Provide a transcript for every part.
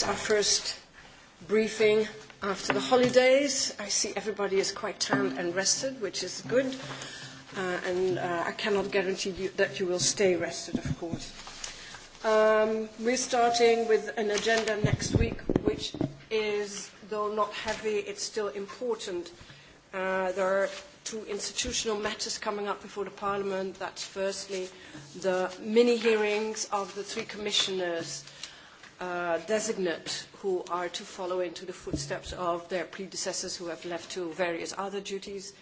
It's our first briefing after the holidays. I see everybody is quite tanned and rested, which is good. Uh, and uh, I cannot guarantee you that you will stay rested, of course. Um, we're starting with an agenda next week, which is, though not heavy, it's still important. Uh, there are two institutional matters coming up before the Parliament. That's firstly the mini-hearings of the three commissioners uh, uh, designate who are to follow into the footsteps of their predecessors who have left to various other duties.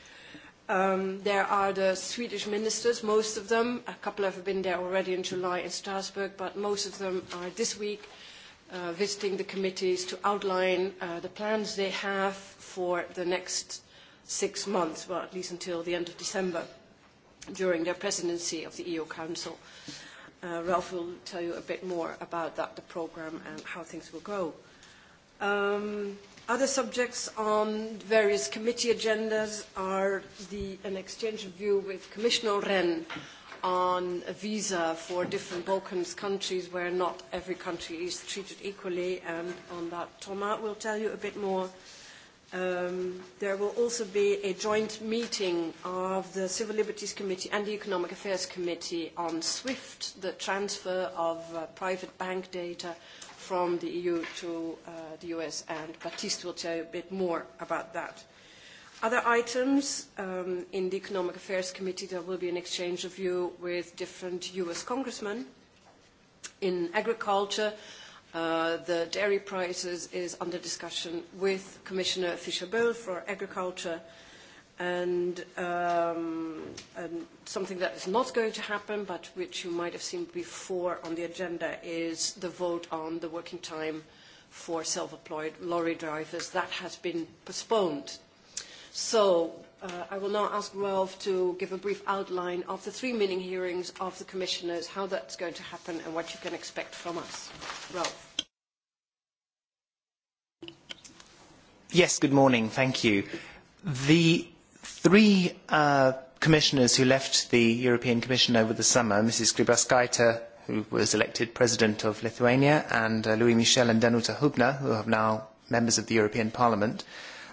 Um, there are the Swedish ministers, most of them. A couple have been there already in July in Strasbourg, but most of them are this week uh, visiting the committees to outline uh, the plans they have for the next six months, well, at least until the end of December, during their presidency of the EU Council. Uh, Uh, Ralph will tell you a bit more about that, the program, and how things will go. Um, other subjects on various committee agendas are the, an exchange of view with Commissioner Ren on a visa for different Balkans countries where not every country is treated equally, and on that Thomas will tell you a bit more um, there will also be a joint meeting of the Civil Liberties Committee and the Economic Affairs Committee on SWIFT, the transfer of uh, private bank data from the EU to uh, the US, and Baptiste will tell you a bit more about that. Other items um, in the Economic Affairs Committee, there will be an exchange of view with different US congressmen. In agriculture, uh, Uh, the dairy prices is under discussion with Commissioner Fischer-Boel for agriculture and, um, and something that is not going to happen but which you might have seen before on the agenda is the vote on the working time for self-employed lorry drivers. That has been postponed. So Uh, I will now ask Ralph to give a brief outline of the three meeting hearings of the commissioners, how that's going to happen and what you can expect from us. Ralph. Yes, good morning. Thank you. The three uh, commissioners who left the European Commission over the summer, Mrs. Gribaskaita, who was elected President of Lithuania, and uh, Louis Michel and Danuta Hubner, who are now members of the European Parliament,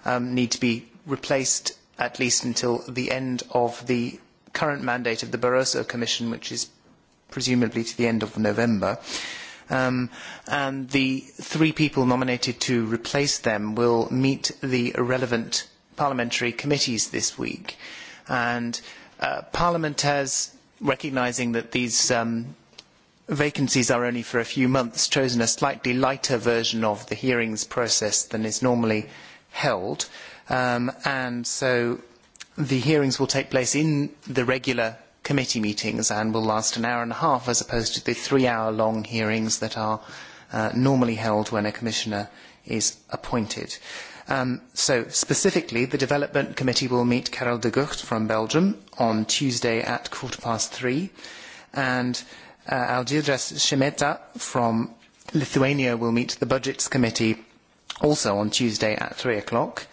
um, need to be replaced at least until the end of the current mandate of the Barroso Commission, which is presumably to the end of November. Um, and the three people nominated to replace them will meet the relevant parliamentary committees this week. And uh, Parliament has, recognising that these um, vacancies are only for a few months, chosen a slightly lighter version of the hearings process than is normally held. Uh, Um, and so the hearings will take place in the regular committee meetings and will last an hour and a half as opposed to the three-hour-long hearings that are uh, normally held when a commissioner is appointed. Um, so specifically, the Development Committee will meet Karel de Gucht from Belgium on Tuesday at quarter past three, and uh, Algirdas Shemeta from Lithuania will meet the Budgets Committee also on Tuesday at three o'clock. Uh,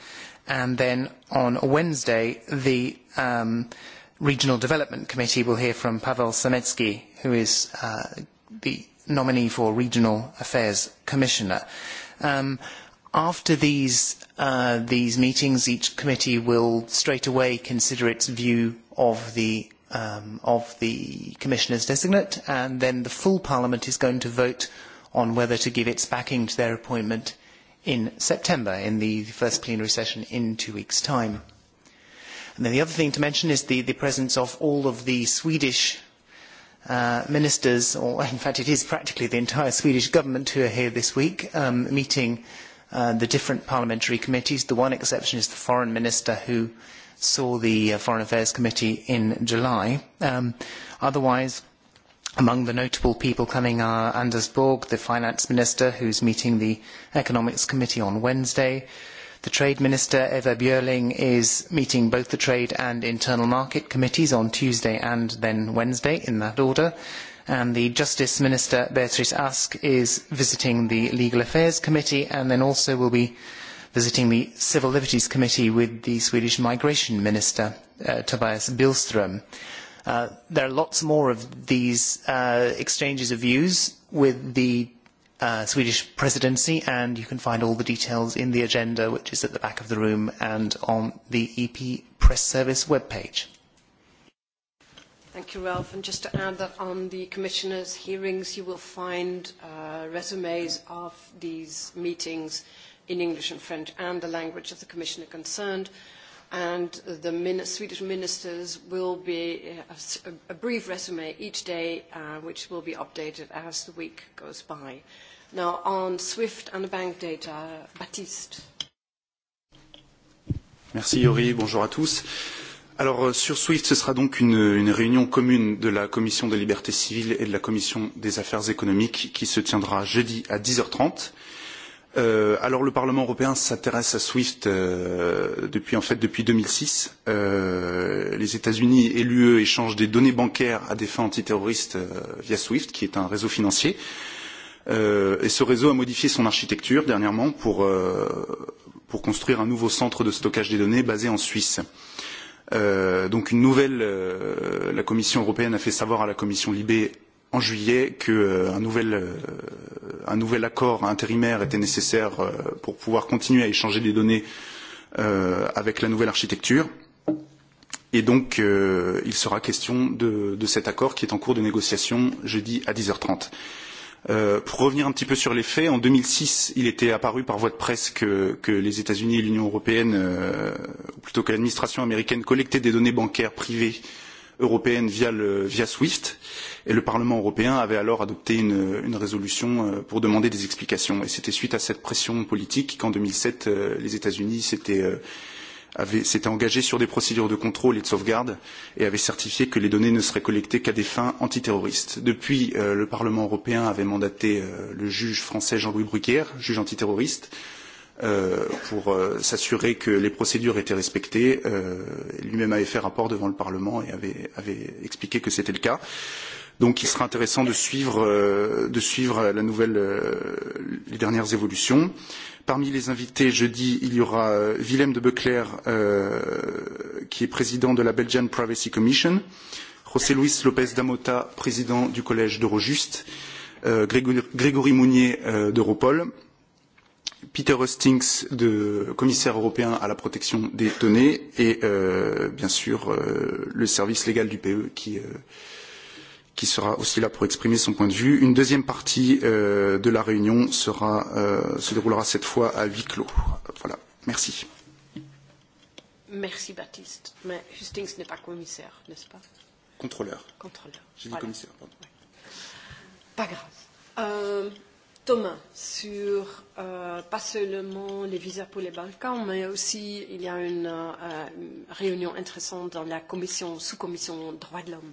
And then on Wednesday, the um, Regional Development Committee will hear from Pavel Sametsky, who is uh, the nominee for Regional Affairs Commissioner. Um, after these, uh, these meetings, each committee will straight away consider its view of the um, of the commissioners designate, and then the full parliament is going to vote on whether to give its backing to their appointment in September, in the first plenary session in two weeks' time. And then the other thing to mention is the, the presence of all of the Swedish uh, ministers, or in fact it is practically the entire Swedish government who are here this week, um, meeting uh, the different parliamentary committees. The one exception is the foreign minister who saw the uh, Foreign Affairs Committee in July. Um, otherwise, Among the notable people coming are Anders Borg, the finance minister, who's meeting the Economics Committee on Wednesday. The trade minister, Eva Björling, is meeting both the trade and internal market committees on Tuesday and then Wednesday, in that order. And the justice minister, Beatrice Ask, is visiting the legal affairs committee and then also will be visiting the civil liberties committee with the Swedish migration minister, uh, Tobias Billström. Uh, there are lots more of these uh, exchanges of views with the uh, Swedish presidency, and you can find all the details in the agenda, which is at the back of the room and on the EP Press Service webpage. Thank you, Ralph. And just to add that on the commissioners' hearings, you will find uh, resumes of these meetings in English and French and the language of the commissioner concerned. Uh, and the min Swedish ministers will be a, uh, a brief resume each day, uh, which will be updated as the week goes by. Now, on SWIFT and the bank data, Baptiste. Merci, Yori. Bonjour à tous. Alors, euh, sur SWIFT, ce sera donc une, une réunion commune de la Commission des libertés civiles et de la Commission des affaires économiques qui se tiendra jeudi à 10h30. Euh, alors le Parlement européen s'intéresse à SWIFT euh, depuis en fait depuis 2006. Euh, les États-Unis et l'UE échangent des données bancaires à des fins antiterroristes euh, via SWIFT, qui est un réseau financier. Euh, et ce réseau a modifié son architecture dernièrement pour euh, pour construire un nouveau centre de stockage des données basé en Suisse. Euh, donc une nouvelle, euh, la Commission européenne a fait savoir à la Commission Libé en juillet qu'un euh, nouvel, euh, un nouvel accord intérimaire était nécessaire euh, pour pouvoir continuer à échanger des données euh, avec la nouvelle architecture. Et donc, euh, il sera question de, de cet accord qui est en cours de négociation jeudi à 10h30. Euh, pour revenir un petit peu sur les faits, en 2006, il était apparu par voie de presse que, que les États-Unis et l'Union européenne, euh, ou plutôt que l'administration américaine, collectaient des données bancaires privées euh, européenne via, le, via SWIFT. Et le Parlement européen avait alors adopté une, une résolution euh, pour demander des explications. Et c'était suite à cette pression politique qu'en 2007, euh, les États-Unis s'étaient euh, s'était engagé sur des procédures de contrôle et de sauvegarde et avait certifié que les données ne seraient collectées qu'à des fins antiterroristes. Depuis, euh, le Parlement européen avait mandaté euh, le juge français Jean-Louis Bruguière, juge antiterroriste, euh, euh, pour euh, s'assurer que les procédures étaient respectées. Euh, Lui-même avait fait rapport devant le Parlement et avait, avait expliqué que c'était le cas. Donc il sera intéressant de suivre, euh, de suivre la nouvelle, euh, les dernières évolutions. Parmi les invités, jeudi, il y aura euh, Willem de Becler, euh, qui est président de la Belgian Privacy Commission, José Luis López Damota, président du collège d'Eurojust, euh, Grégory, Grégory Mounier euh, d'Europol, euh, Peter Hustings, de, commissaire européen à la protection des données, et euh, bien sûr euh, le service légal du PE qui, euh, qui sera aussi là pour exprimer son point de vue. Une deuxième partie euh, de la réunion sera, euh, se déroulera cette fois à huis clos. Voilà, merci. Merci Baptiste. Mais Hustings n'est pas commissaire, n'est-ce pas Contrôleur. Contrôleur. J'ai dit voilà. commissaire, pardon. Ouais. Pas grave. Euh... Thomas sur euh, pas seulement les visas pour les Balkans, mais aussi il y a une euh, réunion intéressante dans la commission, sous-commission droits de l'homme.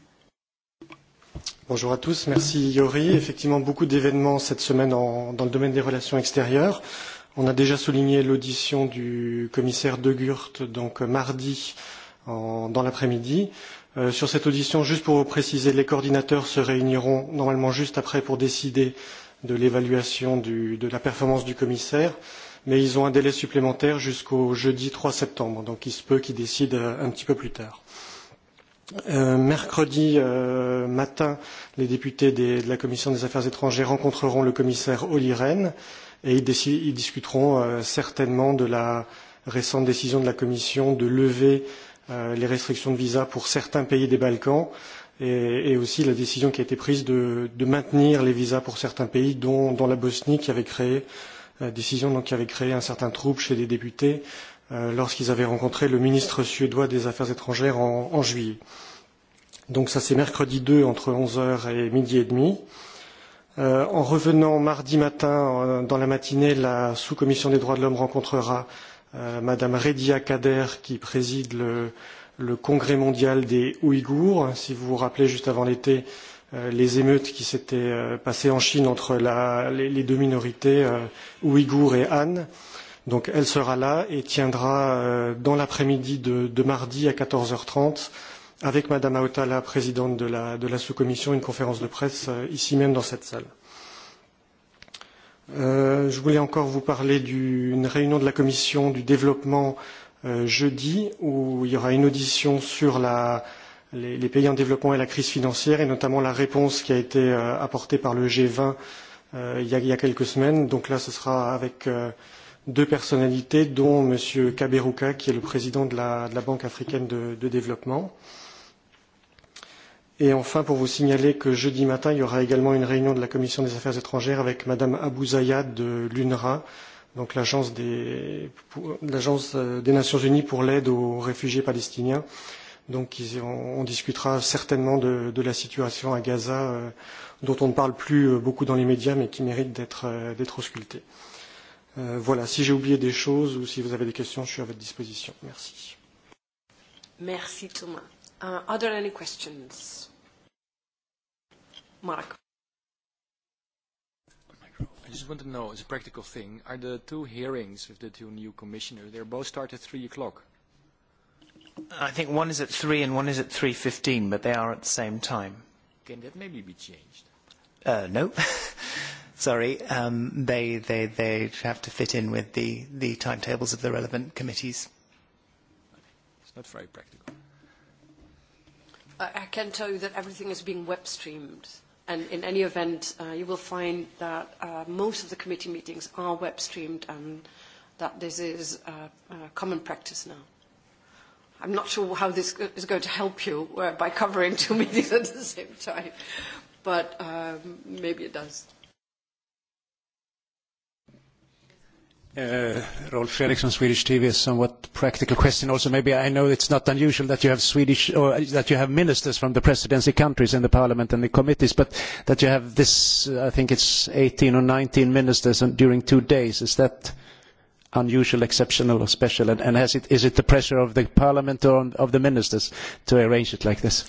Bonjour à tous, merci Yori. Effectivement, beaucoup d'événements cette semaine en, dans le domaine des relations extérieures. On a déjà souligné l'audition du commissaire De Gurt, donc mardi en, dans l'après-midi. Euh, sur cette audition, juste pour vous préciser, les coordinateurs se réuniront normalement juste après pour décider euh, de l'évaluation de la performance du commissaire, mais ils ont un délai supplémentaire jusqu'au jeudi 3 septembre, donc il se peut qu'ils décident euh, un petit peu plus tard. Euh, mercredi euh, matin, les députés des, de la Commission des affaires étrangères rencontreront le commissaire Olli Rehn et ils, décid, ils discuteront euh, certainement de la récente décision de la Commission de lever euh, les restrictions de visa pour certains pays des Balkans. Euh, et, et aussi la décision qui a été prise de, de maintenir les visas pour certains pays, dont, dont la Bosnie, qui avait créé euh, décision donc, qui avait créé un certain trouble chez des députés euh, lorsqu'ils avaient rencontré le ministre suédois des Affaires étrangères en, en juillet. Donc ça c'est mercredi 2 entre 11h et midi et demi. Euh, en revenant mardi matin, euh, dans la matinée, la sous-commission des droits de l'homme rencontrera euh, Madame Redia Kader qui préside le, euh, le congrès mondial des Ouïghours. Si vous vous rappelez, juste avant l'été, euh, les émeutes qui s'étaient euh, passées en Chine entre la, les, les deux minorités, euh, Ouïghours et Han. Donc elle sera là et tiendra euh, dans l'après-midi de, de mardi à 14h30 avec Madame Aotala, présidente de la, de la sous-commission, une conférence de presse euh, ici même dans cette salle. Euh, je voulais encore vous parler d'une réunion de la commission du développement euh, jeudi où il y aura une audition sur la, les, les pays en développement et la crise financière et notamment la réponse qui a été euh, apportée par le G20 euh, il, y a, il y a quelques semaines. Donc là, ce sera avec euh, deux personnalités, dont M. Kaberuka, qui est le président de la, de la Banque africaine de, de développement. Et enfin, pour vous signaler que jeudi matin, il y aura également une réunion de la Commission des affaires étrangères avec Mme Abouzayad de l'UNRWA, donc l'agence des, l'agence euh, des Nations Unies pour l'aide aux réfugiés palestiniens. Donc ils, on, on discutera certainement de, de la situation à Gaza, euh, dont on ne parle plus euh, beaucoup dans les médias, mais qui mérite d'être euh, auscultée. Euh, voilà, si j'ai oublié des choses ou si vous avez des questions, je suis à votre disposition. Merci. Merci Thomas. Uh, are there any questions? Mark. I just want to know, as a practical thing, are the two hearings with the two new commissioners, they're both start at 3 o'clock? I think one is at 3 and one is at 3.15, but they are at the same time. Can that maybe be changed? Uh, no. Sorry. Um, they, they, they have to fit in with the, the timetables of the relevant committees. It's not very practical. I, I can tell you that everything is being web streamed. And in any event, uh, you will find that uh, most of the committee meetings are web streamed and that this is uh, uh, common practice now. I'm not sure how this is going to help you uh, by covering two meetings at the same time, but um, maybe it does. Uh, Rolf Eriksson, Swedish TV. A somewhat practical question also. Maybe I know it's not unusual that you have Swedish or uh, that you have ministers from the presidency countries in the parliament and the committees, but that you have this, uh, I think it's 18 or 19 ministers and during two days. Is that unusual, exceptional, or special? And, and has it, is it the pressure of the parliament or on, of the ministers to arrange it like this?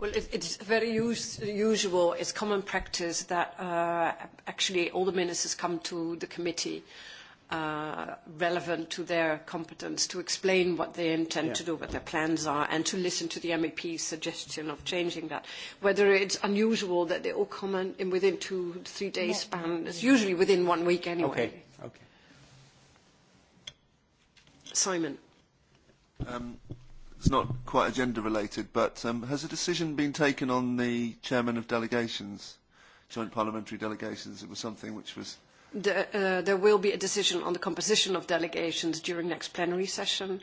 Well, it, it's very us usual. It's common practice that uh, actually all the ministers come to the committee. Uh, uh, relevant to their competence to explain what they intend yeah. to do, what their plans are, and to listen to the MEP's suggestion of changing that. Whether it's unusual that they all come in within two, three days no. span, it's usually within one week anyway. Okay. okay. Simon. Um, it's not quite agenda related, but um, has a decision been taken on the chairman of delegations, joint parliamentary delegations? It was something which was the, uh, there will be a decision on the composition of delegations during next plenary session,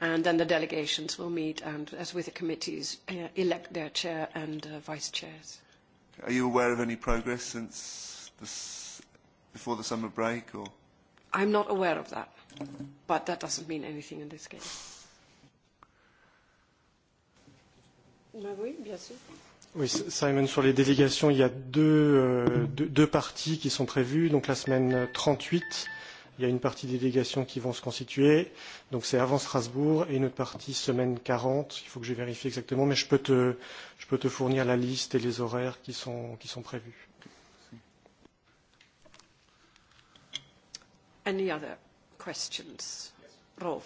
and then the delegations will meet and, as with the committees, uh, elect their chair and uh, vice chairs. Are you aware of any progress since this, before the summer break? Or? I'm not aware of that, but that doesn't mean anything in this case. Mais oui, bien sûr. Oui, Simon, sur les délégations, il y a deux, euh, deux, deux parties qui sont prévues. Donc la semaine 38, il y a une partie des délégations qui vont se constituer. Donc c'est avant Strasbourg et une autre partie semaine 40. Il faut que je vérifie exactement, mais je peux te, je peux te fournir la liste et les horaires qui sont, qui sont prévus. Any other questions? Yes. Rolf.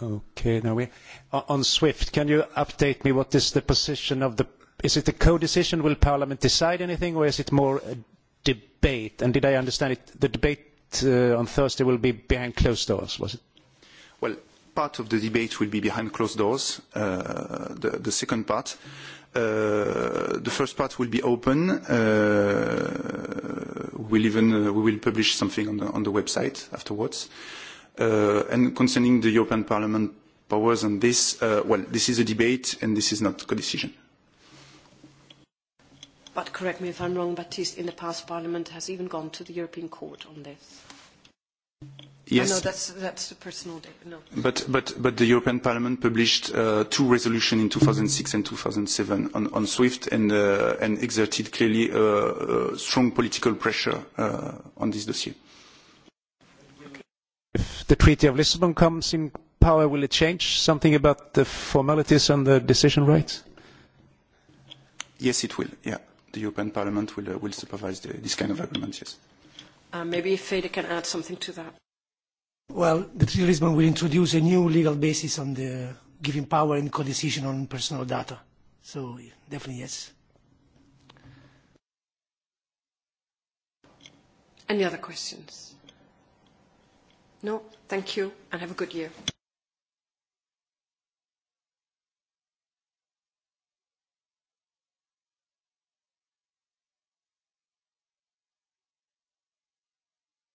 Okay, now we on SWIFT, can you update me what is the position of the... Is it a co-decision? Will Parliament decide anything, or is it more a debate? And did I understand it, the debate uh, on Thursday will be behind closed doors, was it? Well, part of the debate will be behind closed doors, uh, the, the second part. Uh, the first part will be open. Uh, we'll even, uh, we will publish something on the, on the website afterwards. Uh, Uh, and concerning the European Parliament powers on this, uh, well, this is a debate and this is not co-decision. But correct me if I'm wrong, Baptiste, in the past Parliament has even gone to the European Court on this. Yes. Oh, no, that's, that's the personal data. No. But, but, but the European Parliament published uh, two resolutions in 2006 and 2007 on, on SWIFT and, uh, and exerted clearly uh, uh, strong political pressure uh, on this dossier. Uh, the Treaty of Lisbon comes in power, will it change something about the formalities and the decision rights? Yes, it will. Yeah, the European Parliament will uh, will supervise the, this kind of agreement. Yes. Uh, maybe Fede can add something to that. Well, the Treaty of Lisbon will introduce a new legal basis on the giving power and co-decision on personal data. So definitely yes. Any other questions? no, thank you and have a good year.